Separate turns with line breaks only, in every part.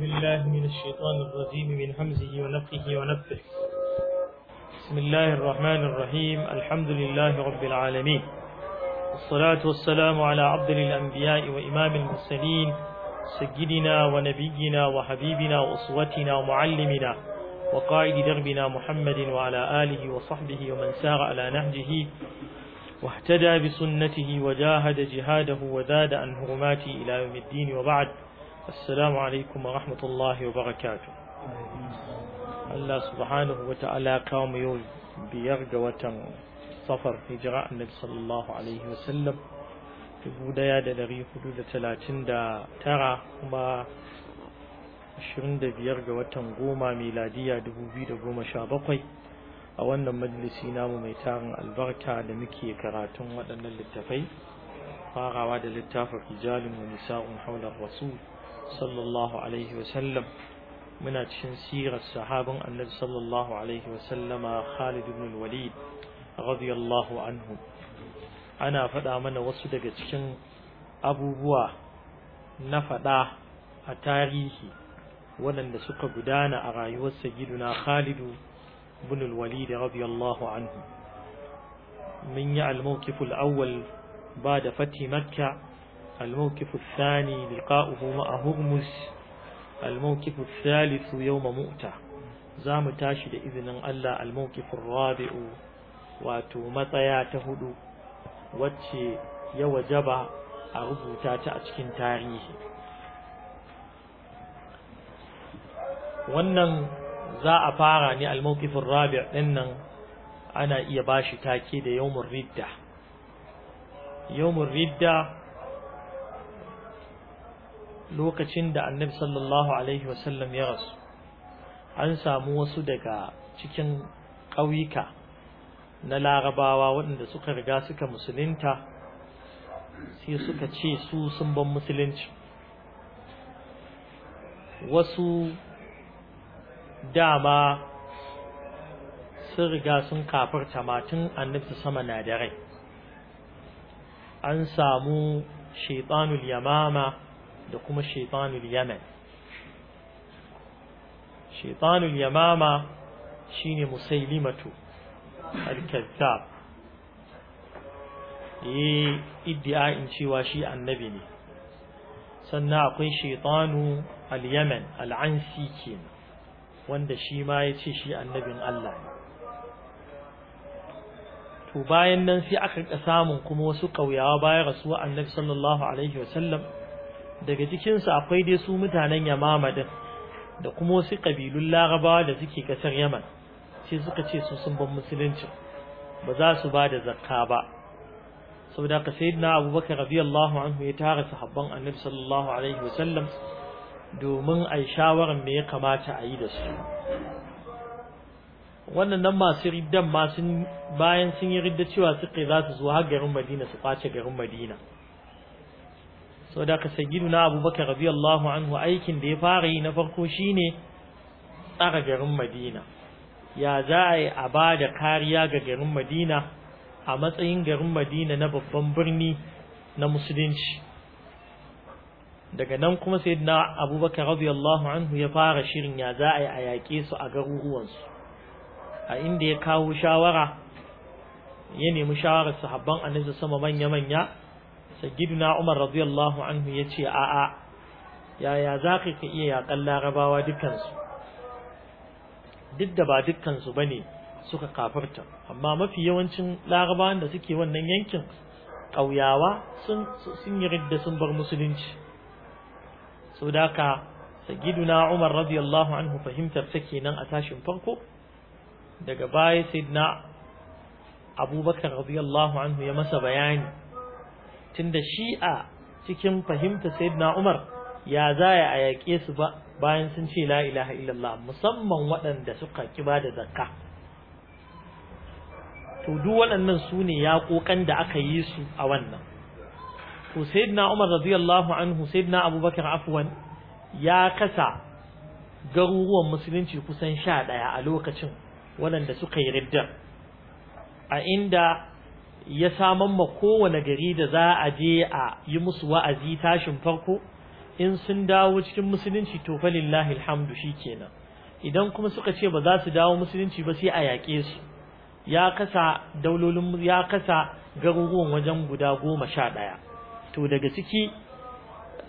بالله من الشيطان الرجيم من همزه ونفخه ونفه بسم الله الرحمن الرحيم الحمد لله رب العالمين والصلاة والسلام على عبد الأنبياء وإمام المرسلين سجدنا ونبينا وحبيبنا وأصوتنا ومعلمنا وقائد دربنا محمد وعلى آله وصحبه ومن سار على نهجه واهتدى بسنته وجاهد جهاده وزاد عن هرماته إلى يوم الدين وبعد السلام عليكم ورحمة الله وبركاته الله سبحانه وتعالى قام يوم safar وتم صفر هجراء النبي صلى الله عليه وسلم في بداية دري حدود ثلاثين دا ترى وما ashirin da biyar ga watan goma miladiya dubu biyu da goma sha bakwai a wannan majalisi namu mai tarin albarka da muke karatun waɗannan littafai farawa da littafin rijalin wa nisa'un haular rasul sallallahu alaihi wasallam muna cikin sirar sahabin annabi sallallahu alaihi wasallama Khalid ibn walid radiyallahu anhu ana faɗa mana wasu daga cikin abubuwa na faɗa a tarihi waɗanda suka gudana a rayuwar sayyiduna Khalid ibn al-Walid radiyallahu anhu mun yi al-mawqif al-awwal ba da fati Makka الموقف الثاني لقاؤه مع هرمز الموقف الثالث يوم مؤتة زام تاشد إذن الله الموقف الرابع واتو مطيا تهدو واتي يوجب أربو تاتا أتكين تاريه wannan za a fara ne al-mawqifin rabi' din nan ana iya bashi take da yawmur ridda yawmur ridda lokacin da annabi sallallahu alaihi wasallam ya rasu an samu wasu daga cikin ƙauyuka na larabawa waɗanda suka riga suka musulunta sai suka ce su sun ban musulunci wasu dama sun riga sun kafar tamatin annabta sama na da rai an samu shaitanul yamama da kuma shaitanul yaman shaitanul yamama shine musailimatu al-kazzab yi eh, iddia'in cewa shi annabi ne sannan akwai shaitanu al-yaman al-ansi kenan wanda shi ma ya ce shi annabin Allah ne to bayan nan sai aka samun kuma wasu ƙauyawa baya rasuwa annabi sallallahu alaihi wasallam daga cikinsu akwai dai su mutanen yamama din da kuma wasu ƙabilun larabawa da suke ƙasar yaman sai suka ce su sun ban musulunci ba za su ba da zakka ba saboda ka sai na abubakar radiyallahu anhu ya tara sahabban annabi sallallahu alaihi wasallam domin a yi shawarar me ya kamata a yi da su wannan nan masu riddan ma sun bayan sun yi ridda cewa suka za su zo har garin madina su kwace garin madina so da ka sagidu na abubakar radiyallahu anhu aikin da ya fara yi na farko shi ne tsara garin madina ya za a yi a ba da kariya ga garin madina a matsayin garin madina na babban birni na musulunci daga nan kuma sai na abubakar radiyallahu anhu ya fara shirin ya za a yi a yaƙe su a garuruwansu a inda ya kawo shawara ya nemi shawarar sahabban annabi sama manya-manya na Umar radiyallahu anhu yace a a yaya zaka ka iya yakan larabawa dukansu duk da ba dukansu ne suka kafarta amma mafi yawancin larabawan da suke wannan yankin ƙauyawa sun yi yi ridda sun bar musulunci so da ka sagiduna Umar radiyallahu anhu fahimtar ta kenan a tashin farko daga baya sayyidina Abubakar radiyallahu anhu ya masa bayani tunda shi'a cikin fahimta sayyidina Umar ya zaya a yaƙe su ba bayan sun ce la ilaha illallah musamman waɗanda suka kiba da zakka to duk waɗannan su ne yaƙoƙan da aka yi su a wannan to sayyidina Umar radiyallahu anhu sayyidina Abubakar afwan ya kasa garuruwan musulunci kusan sha ɗaya a lokacin waɗanda suka yi riddar a inda ya saman ma kowane gari da za a je a yi musu wa'azi tashin farko in sun dawo cikin musulunci to fa lillahi alhamdu shikenan idan kuma suka ce ba za su dawo musulunci ba sai a yaƙe su ya kasa daulolin ya kasa garuruwan wajen guda goma sha ɗaya to daga ciki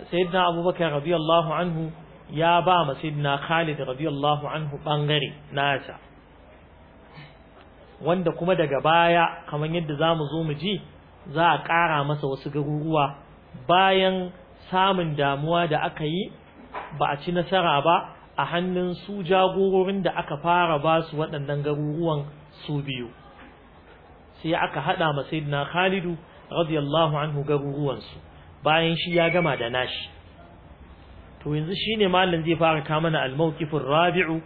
sayyidina abubakar radiyallahu anhu ya ba ma sayyidina khalid radiyallahu anhu bangare nasa wanda kuma daga baya kamar yadda za mu zo mu ji za a ƙara masa wasu garuruwa bayan samun damuwa da aka yi ba a ci nasara ba a hannun su jagororin da aka fara ba su waɗannan garuruwan su biyu sai aka haɗa ma sayyidina Khalidu radiyallahu anhu garuruwansu bayan shi ya gama da nashi to yanzu shine malam zai fara ka mana al-mawqifur rabi'u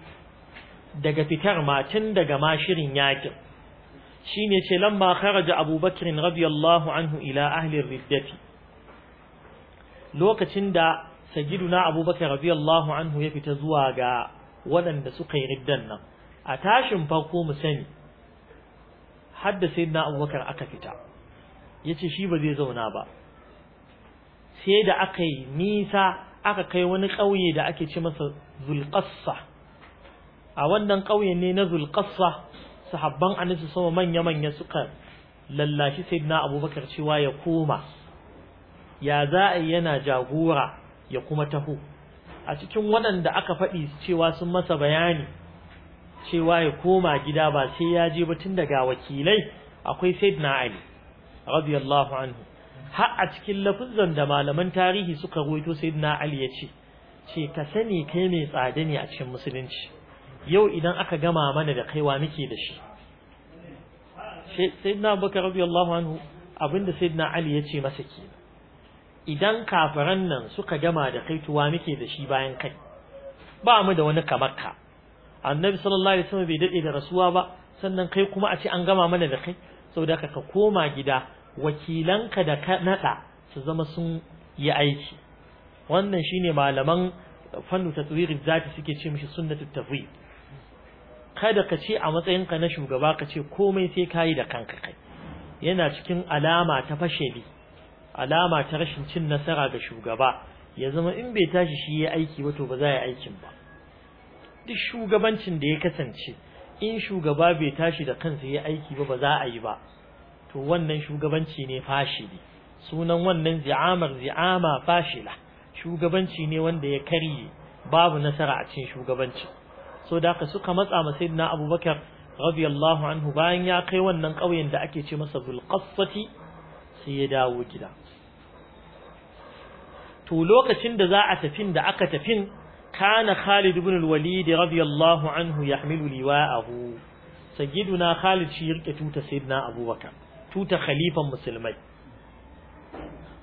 daga fitar matan daga mashirin yakin shine ce lamma kharaja abubakar radiyallahu anhu ila ahli riddati lokacin da na abubakar radiyallahu anhu ya fita zuwa ga waɗanda suka yi riddan nan a tashin farko mu sani har da sayyidina abubakar aka fita yace shi ba zai zauna ba sai da aka yi nisa aka kai wani ƙauye da ake ce masa zulqassa a wannan ƙauyen ne na zulƙassa sahabban anisu sama manya-manya suka lallashi na abubakar cewa ya koma ya za a yana jagora ya kuma taho a cikin waɗanda aka faɗi cewa sun masa bayani cewa ya koma gida ba sai ya je ba tun daga wakilai akwai saidna ali radiyallahu anhu har a cikin lafuzan da malaman tarihi suka ruwaito saidna ali ya ce ce ka sani kai mai tsada ne a cikin musulunci yau idan aka gama mana da kaiwa muke da shi sayyidina abubakar radiyallahu anhu abinda sayyidina ali ya ce masa ke idan kafiran nan suka gama da kai tuwa muke da shi bayan kai ba mu da wani kamar ka annabi sallallahu alaihi wasallam bai dade da rasuwa ba sannan kai kuma a ce an gama mana da kai saboda ka koma gida wakilanka da ka nada su zama sun yi aiki wannan shine malaman fannu tatwirin zati suke ce mishi sunnatut tafwid kada ka ce a matsayinka na shugaba ka ce komai sai ka yi da kanka kai yana cikin alama ta fashili alama ta rashin cin nasara ga shugaba ya zama in bai tashi shi ya aiki ba to ba za a yi aikin ba duk shugabancin da ya kasance in shugaba bai tashi da kansa ya aiki ba ba za a yi ba to wannan shugabanci ne fashili sunan wannan zi'amar zi'ama fashila shugabanci ne wanda ya karye babu nasara a cikin shugabancin so da ka suka matsa ma sayyidina abubakar radiyallahu anhu bayan ya kai wannan ƙauyen da ake ce masa bulqassati sai ya dawo gida to lokacin da za a tafin da aka tafin kana Khalid ibn al-Walid radiyallahu anhu yahmilu liwa'ahu sayyiduna Khalid shi rike tuta sayyidina Abubakar tuta khalifan musulmai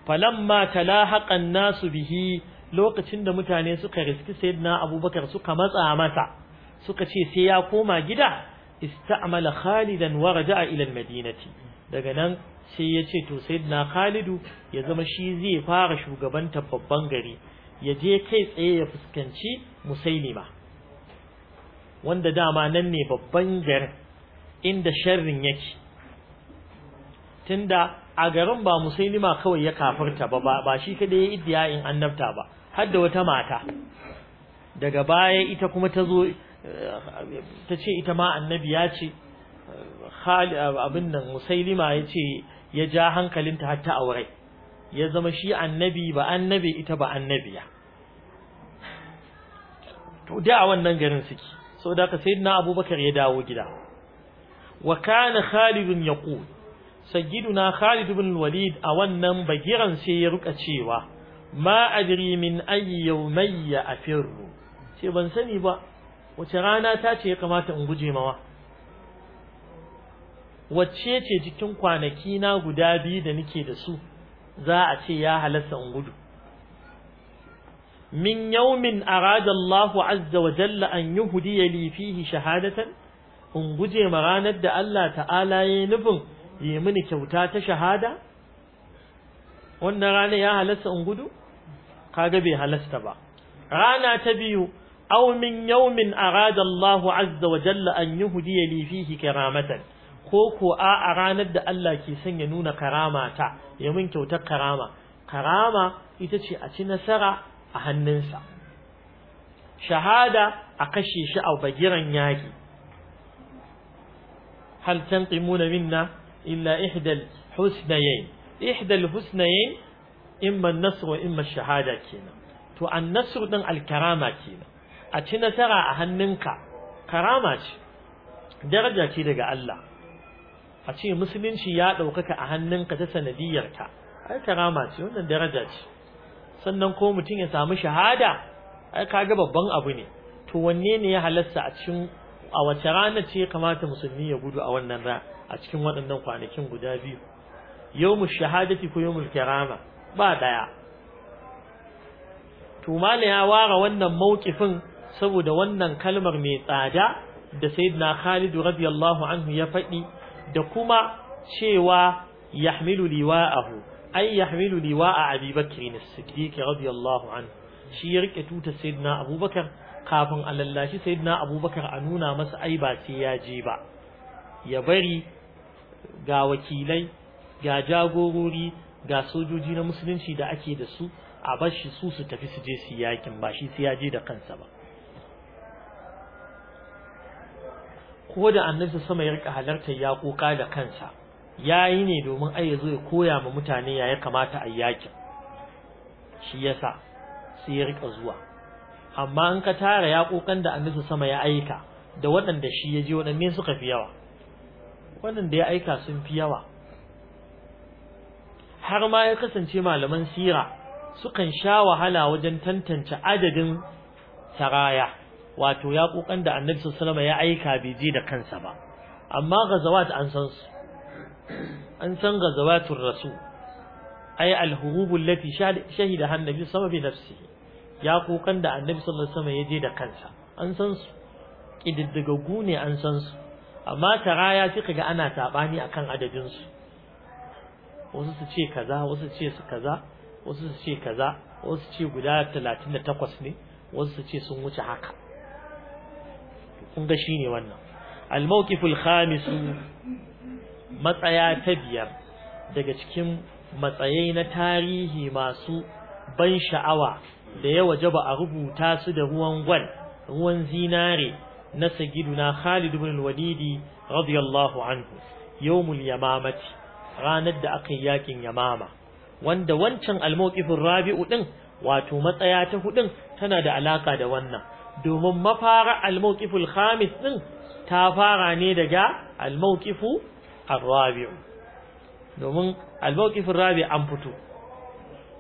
falamma talahaqa an-nasu bihi lokacin da mutane suka riski sayyidina Abubakar suka matsa masa suka ce sai ya koma gida ista'mala khalidan wa raja'a ila al-madinati daga nan sai ya ce to sayyidina khalidu ya zama shi zai fara shugabantar babban gari ya je kai tsaye ya fuskanci musailima wanda dama nan ne babban garin inda sharrin yake tunda a garin ba musailima kawai ya kafarta ba ba shi kada ya iddiya in annabta ba har da wata mata daga baya ita kuma ta zo ta ce ita ma annabi ya ce abin nan musailima ya ce ya ja hankalinta hatta aure ya zama shi annabi ba annabi ita ba annabiya to da a wannan garin suke so da ka na abubakar ya dawo gida wa kana khalid yaqul sayyiduna khalid bin walid a wannan bagiran sai ya ruka cewa ma adri min ayyi yawmayya afirru sai ban sani ba wace rana ta ce ya kamata in guje mawa Wace ce cikin kwanaki na guda biyu da nike da su za a ce ya halasta in gudu min yaumin arada Allahu azza wa jalla an yi li fihi shahadatan in guje ma ranar da Allah ta'ala ya nufin yi mini kyauta ta shahada wannan rana ya halasta in gudu kaga bai halasta ba rana ta biyu aw min yawmin arada Allah azza wa jalla an yuhdi li fihi karamatan ko ko a ranar da Allah ke son ya nuna karama ta ya mun kyautar karama karama ita ce a ci nasara a hannunsa shahada a kashe shi a bagiran yaki hal tanqimuna minna illa ihdal husnayayn ihdal husnayayn imma an-nasr wa imma ash-shahada kenan to an-nasr din al-karama kenan a ci nasara a hannunka karama ce daraja ce daga Allah a ce musulunci ya ɗaukaka a hannunka ta sanadiyarka ai karama ce wannan daraja ce sannan ko mutum ya samu shahada ai ga babban abu ne to wanne ne ya halasta a cikin a wace rana ce kamata musulmi ya gudu a wannan ra a cikin waɗannan kwanakin guda biyu yawmu shahadati ko yawmul kirama ba daya to ya ware wannan mawkifin saboda wannan kalmar mai tsada da sayyidina Khalid radiyallahu anhu ya faɗi da kuma cewa yahmilu liwa'ahu ay yahmilu liwa'a Abi Bakr as-Siddiq radiyallahu anhu shi ya rike tutar sayyidina Abubakar kafin a lallashi sayyidina Abubakar a nuna masa ai ba sai ya je ba ya bari ga wakilai ga jagorori ga sojoji na musulunci da ake da su a bashi shi su su tafi su je su yakin ba shi sai ya je da kansa ba ko da annabi sama ya rika halartar yaƙoƙa da kansa yayi ne domin ai yazo ya koya ma mutane ya kamata a yaki shi yasa sai ya rika zuwa amma in ka tara yaƙoƙan da annabi sama ya aika da waɗanda shi ya je waɗanne suka fi yawa waɗanda ya aika sun fi yawa har ma ya kasance malaman sira sukan sha wahala wajen tantance adadin saraya wato ya kokan da annabi sallallahu ya aika bai je da kansa ba amma gazawat an san su an san ghazawatur rasul ay al-hurub allati shahida annabi sallallahu alaihi nafsi ya kokan da annabi sallallahu alaihi ya je da kansa an san su kididdigaggu ne an san su amma tara ya fi kaga ana tabani akan adadin su wasu su ce kaza wasu ce su kaza wasu su ce kaza wasu ce guda 38 ne wasu su ce sun wuce haka kun ga shine wannan al Khamisu khamis matsaya ta biyar daga cikin matsayai na tarihi masu ban sha'awa da ya wajaba a rubuta su da ruwan gwal ruwan zinare na sagiduna Khalid ibn al-Walidi radiyallahu anhu yawmul yamamati ranar da aka yi yakin yamama wanda wancan al-mawqifur rabi'u din wato matsaya ta hudun tana da alaka da wannan domin mafara al-mawqiful khamis din ta fara ne daga al-mawqifu ar-rabi' domin al-mawqifur rabi' an fito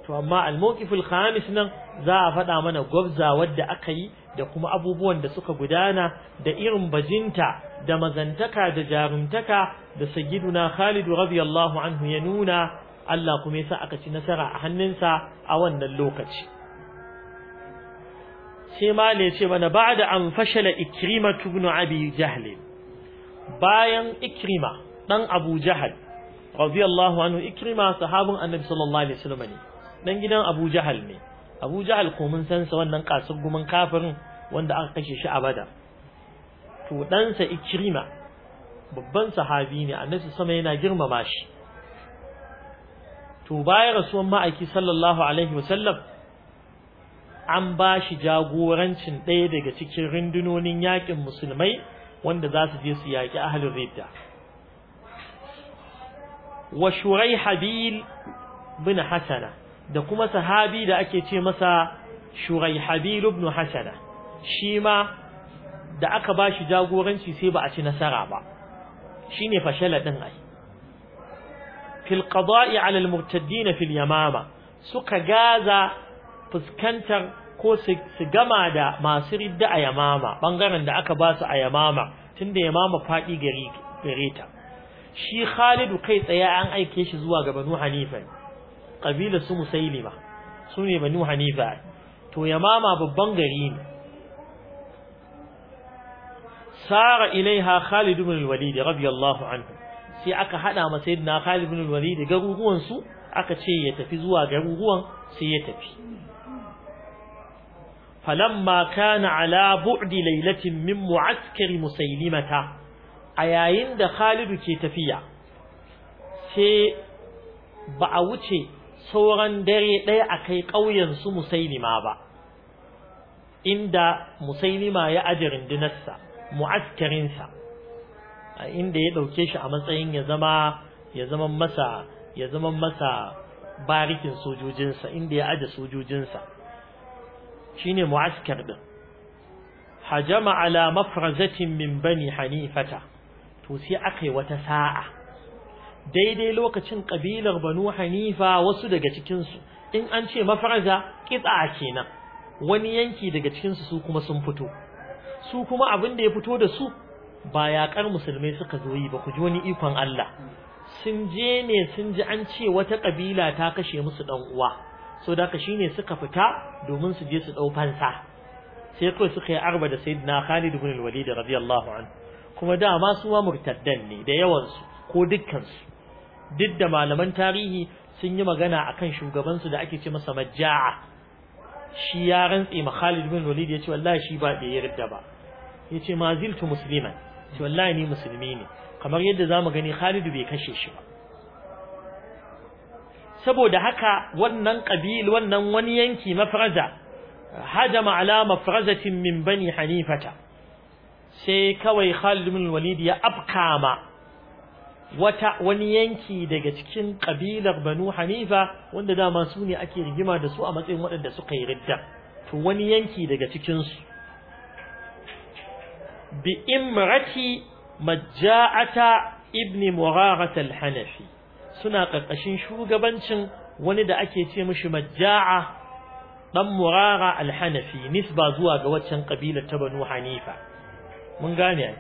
to amma al-mawqiful khamis nan za a faɗa mana gwabza wadda aka yi da kuma abubuwan da suka gudana da irin bajinta da mazantaka da jaruntaka da sayyiduna Khalid radiyallahu anhu ya nuna Allah kuma yasa aka ci nasara a hannunsa a wannan lokaci sai ma ne ce mana ba'da an fashala Ikirima ibn abi bayan ikrima dan abu jahal radiyallahu anhu ikrima sahabin annabi sallallahu alaihi wasallam ne dan gidan abu jahal ne abu jahal ko mun san sa wannan kasar guman kafirin wanda aka kashe shi a bada to dan sa ikrima babban sahabi ne annabi sama yana girmama shi to bayan rasuwan ma'aiki sallallahu alaihi wasallam an ba shi jagorancin ɗaya daga cikin rundunonin yakin musulmai wanda za su je su yaƙi ahalin ridda wa shurai habil bin hasana da kuma sahabi da ake ce masa shurai habil bin hasana shi ma da aka ba shi jagoranci sai ba a ci nasara ba shi ne fashala ɗin ai fil qada'i ala al-murtaddin fil yamama suka gaza fuskantar ko su gama da masu ridda a yamama bangaren da aka ba su a yamama tunda yamama faɗi gare ta shi Khalidu kai tsaye an aike shi zuwa ga Banu Hanifa ƙabila su Musailima su ne Banu Hanifa to yamama babban gari ne sara ilaiha Khalidu bin walid radiyallahu anhu sai aka hada ma sayyidina Khalidu bin walid garuruwan su aka ce ya tafi zuwa garuruwan sai ya tafi falamma kana ala bu'di lailatin min mu'askari musailimata a yayin da Khalidu ke tafiya sai ba a wuce sauran dare ɗaya a kai ƙauyen su musailima ba inda musainima ya aje rundunarsa mu'askarinsa inda ya ɗauke shi a matsayin ya zama ya zama masa barikin sojojinsa inda ya aje sojojinsa shine mu'askar din hajama ala mafrazatin min bani hanifata to sai akai wata sa'a daidai lokacin kabilar banu hanifa wasu daga cikinsu in an ce mafaraza kitsa kenan wani yanki daga cikinsu su kuma sun fito su kuma abin da ya fito da su ba yaƙar musulmai suka zo yi ba ku ji wani ikon Allah sun je ne sun ji an ce wata kabila ta kashe musu dan uwa so da ne suka fita domin su je su dau fansa sai kai suka yi arba da sayyidina Khalid ibn al-Walid radiyallahu anhu kuma dama su ma murtaddan ne da yawan su ko dukkan su duk da malaman tarihi sun yi magana akan shugaban su da ake ce masa Majja'a shi ya rantsi ma Khalid ibn al-Walid yace wallahi shi ba da yarda ba yace ma ziltu musliman ce wallahi ni musulmi ne kamar yadda zamu gani Khalid bai kashe shi ba saboda haka wannan qabil wannan wani yanki mafraza hajama ala mafrazatin min bani hanifata sai kawai Khalid ibn Walid ya afkama wata wani yanki daga cikin ƙabilar Banu Hanifa wanda dama su ne ake rigima da su a matsayin waɗanda suka yi ridda to wani yanki daga cikin su bi imrati majja'ata ibn Murarah al-Hanafi suna ƙarƙashin shugabancin wani da ake ce mishi majja'a ɗan murara alhanafi nisba zuwa ga waccan ƙabilar ta banu hanifa mun gane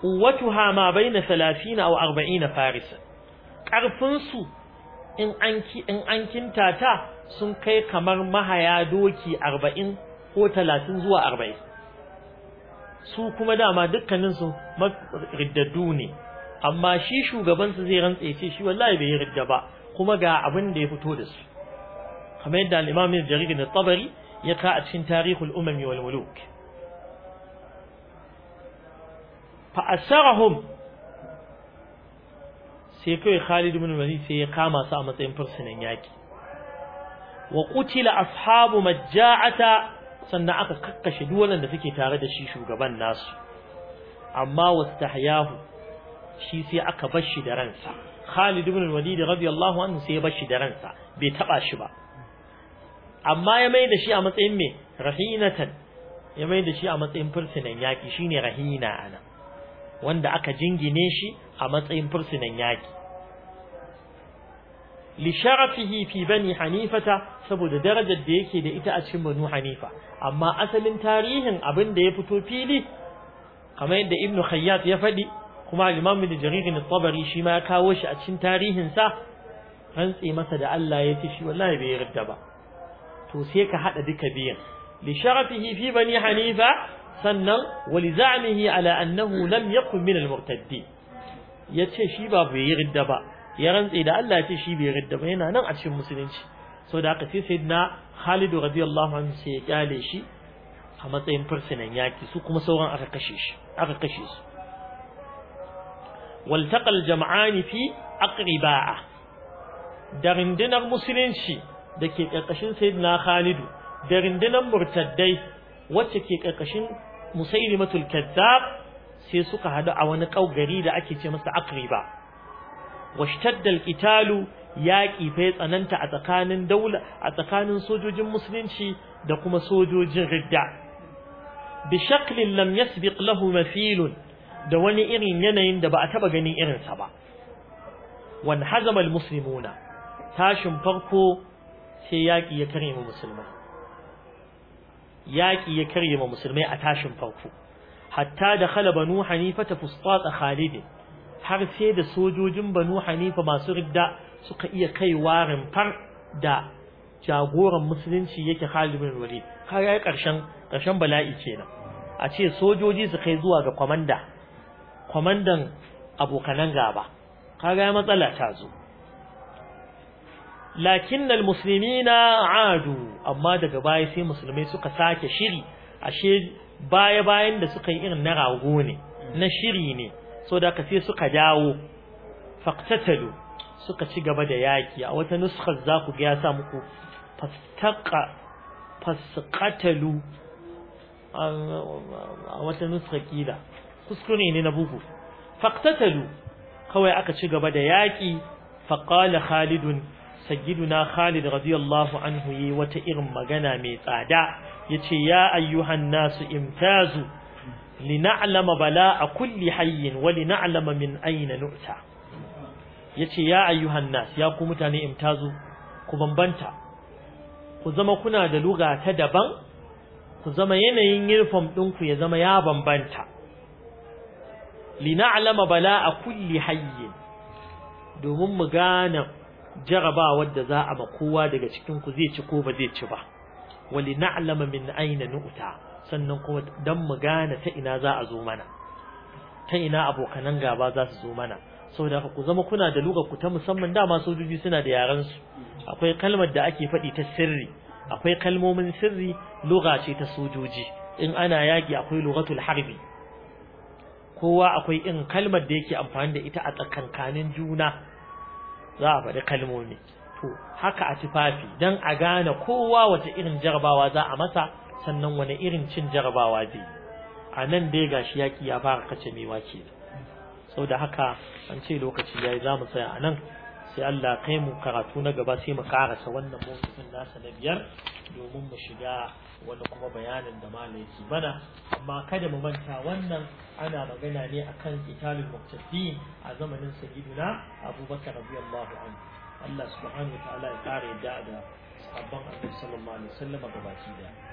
quwwatuha ma Hama bai na 40 a karfin na in an in an kintata sun kai kamar mahaya doki arba'in ko talatin zuwa arba'in su kuma dama dukkaninsu riddaddu ne amma shi shugabansu zai rantse ce shi wallahi bai yarda ba kuma ga abin da ya fito da su kamar yadda al-Imam Jarir da Tabari ya ka a cikin tarihul umami wal muluk fa asharahum sai kai Khalid ibn Walid sai ya kama su a matsayin fursunan yaki wa qutila ashabu majja'ata sannan aka kakkashe duk da suke tare da shi shugaban nasu amma wastahyahu shi sai aka bar shi da ransa Khalid ibn al-Walid radiyallahu anhu sai ya bar shi da ransa bai taba shi ba amma ya mai da shi a matsayin me rahinatan ya mai da shi a matsayin fursunan yaki shine rahina ana wanda aka jingine shi a matsayin fursunan yaki li sharafihi fi bani hanifata saboda darajar da yake da ita a cikin banu hanifa amma asalin tarihin abin da ya fito fili kamar yadda ibnu khayyat ya faɗi kuma al-imam bin jarir tabari shi ma ya kawo shi a cikin tarihin sa rantsi masa da Allah ya ce shi wallahi bai yarda ba to sai ka hada duka biyan li sharafihi fi bani hanifa sannan wa li za'mihi ala annahu lam yakun min al-murtaddi yace shi ba bai yarda ba ya rantsi da Allah ya ce shi bai yarda ba yana nan a cikin musulunci so da aka ce sayyidina Khalid radiyallahu anhu sai ya kyale shi a matsayin fursunan yaki su kuma sauran aka kashe shi aka kashe su waltaƙal jam'ani fi aqriba'a da rindinar musulunci da ke ƙarƙashin sayyidina Khalidu da rindinar murtaddai wacce ke ƙarƙashin musailimatul kazzab sai suka hadu a wani ƙaugari da ake ce masa aqriba washtadda alqitalu yaƙi fa tsananta a tsakanin daula a tsakanin sojojin musulunci da kuma sojojin ridda bi shaklin lam yasbiq lahu mafilun da wani irin yanayin da ba a taba ganin irinsa ba wan hazamal muslimuna tashin farko sai yaki ya kare mu musulmai yaki ya kare mu musulmai a tashin farko hatta da khala banu hanifa ta fustata khalid har sai da sojojin banu hanifa masu ridda suka iya kai warin far da jagoran musulunci yake Khalid bin Walid ya karshen karshen bala'i kenan a ce sojoji su kai zuwa ga kwamanda kwamandan abokanan gaba kaga matsala ta zo lakin na adu amma daga baya sai musulmai suka sake shiri ashe baya bayan da suka yi irin na rago ne na shiri ne so da sai suka dawo faqtatalu suka ci gaba da yaki a wata nuskar za ku ga ya sa muku fastaqa fasqatalu a wata nuskar kila kuskure ne na bugu faqtatalu kawai aka ci gaba da yaki faqala khalidun na khalid radiyallahu anhu yi wata irin magana mai tsada yace ya ayyuhan nasu imtazu lina'lama bala'a kulli hayyin wa lina'lama min ayna nu'ta yace ya ayyuhan nas ya ku mutane imtazu ku bambanta ku zama kuna da lugata daban ku zama yanayin uniform ɗinku ya zama ya bambanta Bala a kulli hayyin domin mu gane jarabawar da za a ma kowa daga cikin ku zai ci ko ba zai ci ba wali na'lama min aina nu'ta sannan kuma dan mu gane ta ina za a zo mana ta ina abokanan gaba za su zo mana saboda ku zama kuna da lugar ku ta musamman dama sojoji suna da yaran su akwai kalmar da ake faɗi ta sirri akwai kalmomin sirri lugha ce ta sojoji in ana yaki akwai lughatul harbi kowa akwai in kalmar da yake amfani da ita a tsakankanin juna za a faɗi kalmomi to haka a tufafi don a gane kowa wata irin jarabawa za a masa sannan wani irin cin jarabawa zai yi. a nan dai gashi yaƙi ya fara kace mewa Sau da haka an ce lokaci ya yi za mu tsaya a nan sai Allah kai mu karatu na gaba sai mu karasa wannan motsin nasa na biyar domin mu shiga wani kuma bayanin da malai yake mana, amma kada mu manta wannan ana magana ne akan qitalul muqtasin a zamanin sayyidina abubakar radiyallahu anhu Allah subhanahu wa ta'ala ya kare da da sahabban annabi sallallahu alaihi wasallam gabaki daya